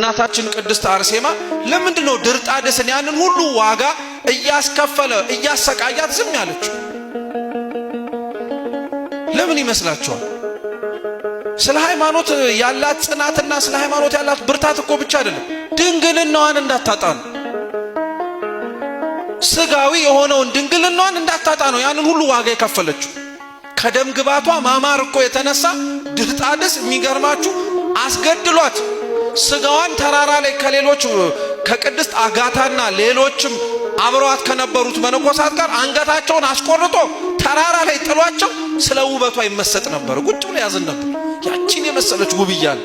እናታችን ቅድስት አርሴማ ለምንድን ነው ድርጣድስን ያንን ሁሉ ዋጋ እያስከፈለ እያሰቃያት ዝም ያለችው? ለምን ይመስላችኋል? ስለ ሃይማኖት ያላት ጽናትና ስለ ሃይማኖት ያላት ብርታት እኮ ብቻ አይደለም፣ ድንግልናዋን እንዳታጣ ነው። ስጋዊ የሆነውን ድንግልናዋን እንዳታጣ ነው ያንን ሁሉ ዋጋ የከፈለችው። ከደም ግባቷ ማማር እኮ የተነሳ ድርጣድስ የሚገርማችሁ አስገድሏት ስጋዋን ተራራ ላይ ከሌሎች ከቅድስት አጋታና ሌሎችም አብረዋት ከነበሩት መነኮሳት ጋር አንገታቸውን አስቆርጦ ተራራ ላይ ጥሏቸው ስለ ውበቷ ይመሰጥ ነበር። ቁጭ ብሎ ያዝን ነበር። ያቺን የመሰለች ውብያል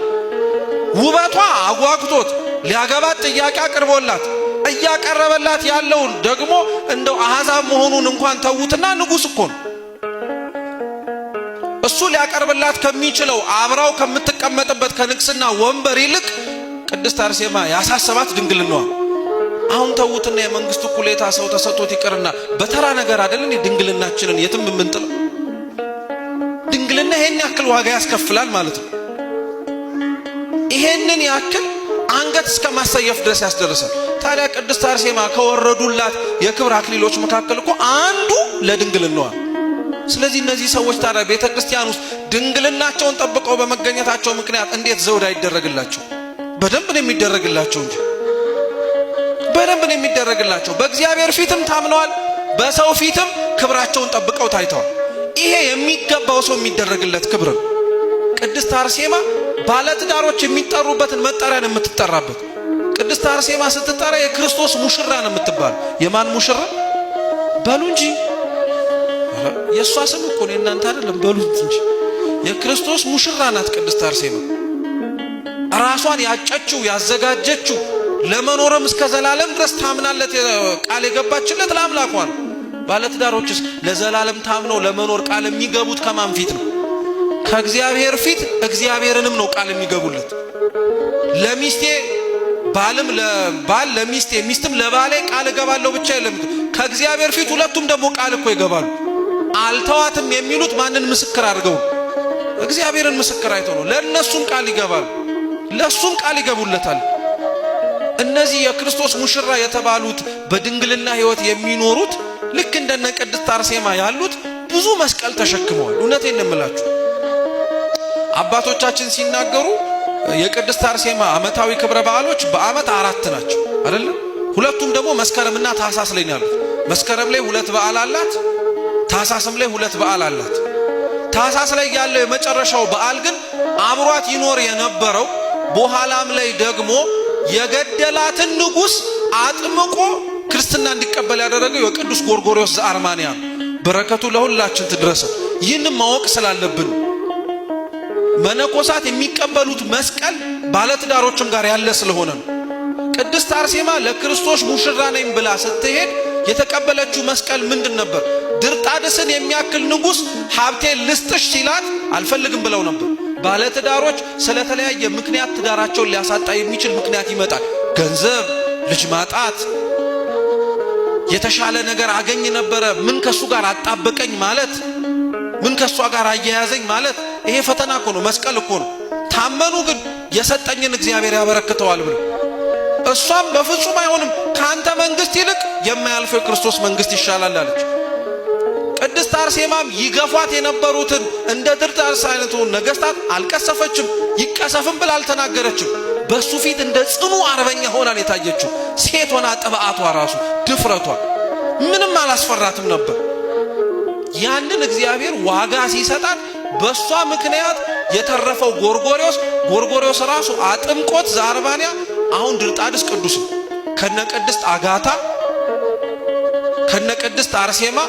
ውበቷ አጓግቶት ሊያገባት ጥያቄ አቅርቦላት እያቀረበላት ያለውን ደግሞ እንደው አሕዛብ መሆኑን እንኳን ተዉትና ንጉሥ እኮ ነው እሱ ሊያቀርብላት ከሚችለው አብራው ከምትቀመጥበት ከንግስና ወንበር ይልቅ ቅድስት አርሴማ ያሳሰባት ድንግልናዋ። አሁን ተዉትና የመንግስቱ ኩሌታ ሰው ተሰጥቶት ይቅርና በተራ ነገር አይደለም የድንግልናችንን ድንግልናችንን የትም የምንጥለው? ድንግልና ይሄን ያክል ዋጋ ያስከፍላል ማለት ነው። ይሄንን ያክል አንገት እስከ ማሰየፍ ድረስ ያስደርሳል። ታዲያ ቅድስት አርሴማ ከወረዱላት የክብር አክሊሎች መካከል እኮ አንዱ ለድንግልናዋ። ስለዚህ እነዚህ ሰዎች ታዲያ ቤተ ክርስቲያን ውስጥ ድንግልናቸውን ጠብቀው በመገኘታቸው ምክንያት እንዴት ዘውድ አይደረግላቸው? በደንብ ነው የሚደረግላቸው እንጂ በደንብ ነው የሚደረግላቸው። በእግዚአብሔር ፊትም ታምነዋል፣ በሰው ፊትም ክብራቸውን ጠብቀው ታይተዋል። ይሄ የሚገባው ሰው የሚደረግለት ክብር ነው። ቅድስት አርሴማ ባለትዳሮች የሚጠሩበትን መጠሪያ ነው የምትጠራበት። ቅድስት አርሴማ ስትጠራ የክርስቶስ ሙሽራ ነው የምትባል። የማን ሙሽራ በሉ እንጂ የእሷ ስም እኮ ነው የእናንተ አይደለም። በሉት እንጂ የክርስቶስ ሙሽራ ናት ቅድስት አርሴማ። ራሷን ያጨችው ያዘጋጀችው ለመኖርም እስከ ዘላለም ድረስ ታምናለት ቃል የገባችለት ለአምላኳ ነው። ባለትዳሮችስ ለዘላለም ታምነው ለመኖር ቃል የሚገቡት ከማን ፊት ነው? ከእግዚአብሔር ፊት እግዚአብሔርንም ነው ቃል የሚገቡለት። ለሚስቴ ባልም ለባል ለሚስቴ ሚስትም ለባሌ ቃል እገባለሁ ብቻ የለም ከእግዚአብሔር ፊት ሁለቱም ደግሞ ቃል እኮ ይገባሉ። አልተዋትም የሚሉት ማንን ምስክር አድርገው? እግዚአብሔርን ምስክር አይተው ነው። ለእነሱም ቃል ይገባሉ። ለእሱም ቃል ይገቡለታል። እነዚህ የክርስቶስ ሙሽራ የተባሉት በድንግልና ሕይወት የሚኖሩት ልክ እንደነ ቅድስት አርሴማ ያሉት ብዙ መስቀል ተሸክመዋል። እውነቴን ነው አባቶቻችን ሲናገሩ የቅድስት አርሴማ ዓመታዊ ክብረ በዓሎች በዓመት አራት ናቸው አይደለም? ሁለቱም ደግሞ መስከረምና ታህሳስ ላይ ያሉት። መስከረም ላይ ሁለት በዓል አላት፣ ታህሳስም ላይ ሁለት በዓል አላት። ታህሳስ ላይ ያለው የመጨረሻው በዓል ግን አብሯት ይኖር የነበረው በኋላም ላይ ደግሞ የገደላትን ንጉሥ አጥምቆ ክርስትና እንዲቀበል ያደረገው የቅዱስ ጎርጎሪዎስ ዘአርማንያ ነው። በረከቱ ለሁላችን ትድረሰ። ይህን ማወቅ ስላለብን መነኮሳት የሚቀበሉት መስቀል ባለትዳሮችም ጋር ያለ ስለሆነ ነው። ቅድስት አርሴማ ለክርስቶስ ሙሽራ ነኝ ብላ ስትሄድ የተቀበለችው መስቀል ምንድን ነበር? ድርጣድስን የሚያክል ንጉሥ ሀብቴ ልስጥሽ ሲላት አልፈልግም ብለው ነበር። ባለትዳሮች ስለተለያየ ምክንያት ትዳራቸውን ሊያሳጣ የሚችል ምክንያት ይመጣል። ገንዘብ፣ ልጅ ማጣት፣ የተሻለ ነገር አገኝ ነበረ፣ ምን ከሱ ጋር አጣበቀኝ ማለት፣ ምን ከሷ ጋር አያያዘኝ ማለት። ይሄ ፈተና እኮ ነው፣ መስቀል እኮ ነው። ታመኑ ግን የሰጠኝን እግዚአብሔር ያበረክተዋል ብሎ እሷም በፍጹም አይሆንም፣ ከአንተ መንግስት ይልቅ የማያልፈው የክርስቶስ መንግስት ይሻላል አለች። ቅድስት አርሴማም ይገፏት የነበሩትን እንደ ድርጣርስ አይነቱ ነገስታት አልቀሰፈችም፣ ይቀሰፍም ብላ አልተናገረችም። በሱ ፊት እንደ ጽኑ አርበኛ ሆናን የታየችው ሴት ሆና ጥብዓቷ ራሱ ድፍረቷ ምንም አላስፈራትም ነበር። ያንን እግዚአብሔር ዋጋ ሲሰጣት በሷ ምክንያት የተረፈው ጎርጎሪዎስ ጎርጎሪዎስ ራሱ አጥምቆት ዘአርባንያ አሁን ድርጣድስ ቅዱስ ከነ ቅድስት አጋታ ከነ ቅድስት አርሴማ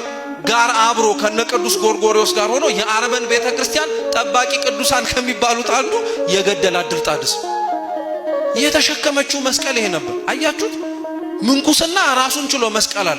ጋር አብሮ ከነ ቅዱስ ጎርጎሪዎስ ጋር ሆኖ የአረመን ቤተ ክርስቲያን ጠባቂ ቅዱሳን ከሚባሉት አንዱ የገደላት ድርጣድስ የተሸከመችው መስቀል ይሄ ነበር። አያችሁት? ምንኩስና ራሱን ችሎ መስቀል አለ።